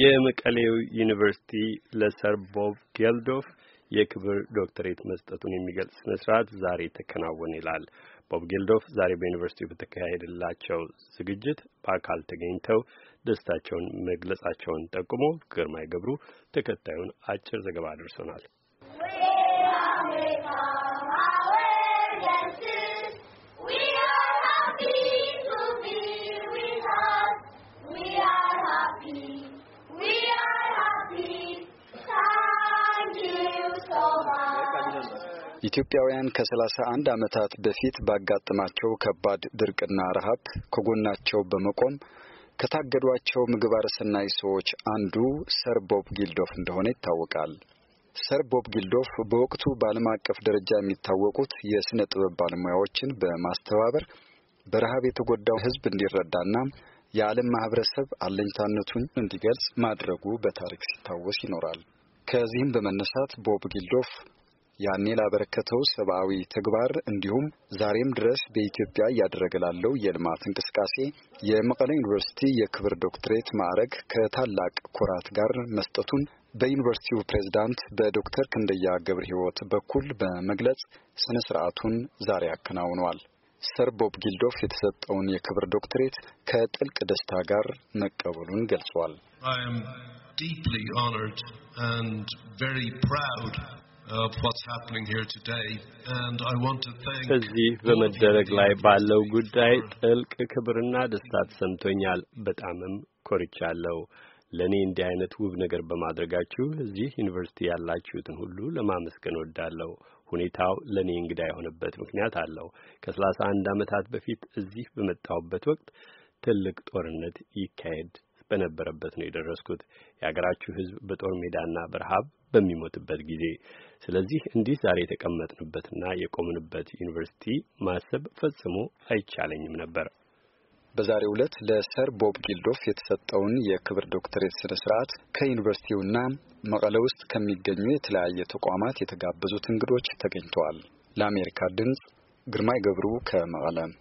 የመቀሌው ዩኒቨርሲቲ ለሰር ቦብ ጌልዶፍ የክብር ዶክተሬት መስጠቱን የሚገልጽ ስነ ስርዓት ዛሬ ተከናወነ ይላል። ቦብ ጌልዶፍ ዛሬ በዩኒቨርሲቲው በተካሄደላቸው ዝግጅት በአካል ተገኝተው ደስታቸውን መግለጻቸውን ጠቁሞ ግርማይ ገብሩ ተከታዩን አጭር ዘገባ አድርሶናል። ኢትዮጵያውያን ከሰላሳ አንድ ዓመታት በፊት ባጋጠማቸው ከባድ ድርቅና ረሃብ ከጎናቸው በመቆም ከታገዷቸው ምግባረ ሰናይ ሰዎች አንዱ ሰር ቦብ ጊልዶፍ እንደሆነ ይታወቃል። ሰር ቦብ ጊልዶፍ በወቅቱ በዓለም አቀፍ ደረጃ የሚታወቁት የሥነ ጥበብ ባለሙያዎችን በማስተባበር በረሃብ የተጎዳው ሕዝብ እንዲረዳና የዓለም ማኅበረሰብ አለኝታነቱን እንዲገልጽ ማድረጉ በታሪክ ሲታወስ ይኖራል። ከዚህም በመነሳት ቦብ ጊልዶፍ ያኔ ላበረከተው ሰብአዊ ተግባር እንዲሁም ዛሬም ድረስ በኢትዮጵያ እያደረገ ላለው የልማት እንቅስቃሴ የመቀለ ዩኒቨርሲቲ የክብር ዶክትሬት ማዕረግ ከታላቅ ኩራት ጋር መስጠቱን በዩኒቨርሲቲው ፕሬዝዳንት በዶክተር ክንደያ ገብረ ሕይወት በኩል በመግለጽ ስነ ስርዓቱን ዛሬ አከናውኗል። ሰር ቦብ ጊልዶፍ የተሰጠውን የክብር ዶክትሬት ከጥልቅ ደስታ ጋር መቀበሉን ገልጿል። እዚህ በመደረግ ላይ ባለው ጉዳይ ጥልቅ ክብርና ደስታ ተሰምቶኛል። በጣምም ኮርቻለሁ። ለእኔ እንዲህ አይነት ውብ ነገር በማድረጋችሁ እዚህ ዩኒቨርሲቲ ያላችሁትን ሁሉ ለማመስገን ወዳለሁ። ሁኔታው ለእኔ እንግዳ የሆነበት ምክንያት አለው። ከሰላሳ አንድ ዓመታት በፊት እዚህ በመጣሁበት ወቅት ትልቅ ጦርነት ይካሄድ በነበረበት ነው የደረስኩት። የሀገራችሁ ሕዝብ በጦር ሜዳና በረሃብ በሚሞትበት ጊዜ። ስለዚህ እንዲህ ዛሬ የተቀመጥንበትና የቆምንበት ዩኒቨርሲቲ ማሰብ ፈጽሞ አይቻለኝም ነበር። በዛሬው ዕለት ለሰር ቦብ ጊልዶፍ የተሰጠውን የክብር ዶክተሬት ስነ ስርዓት ከዩኒቨርሲቲውና መቀለ ውስጥ ከሚገኙ የተለያየ ተቋማት የተጋበዙት እንግዶች ተገኝተዋል። ለአሜሪካ ድምፅ ግርማይ ገብሩ ከመቀለ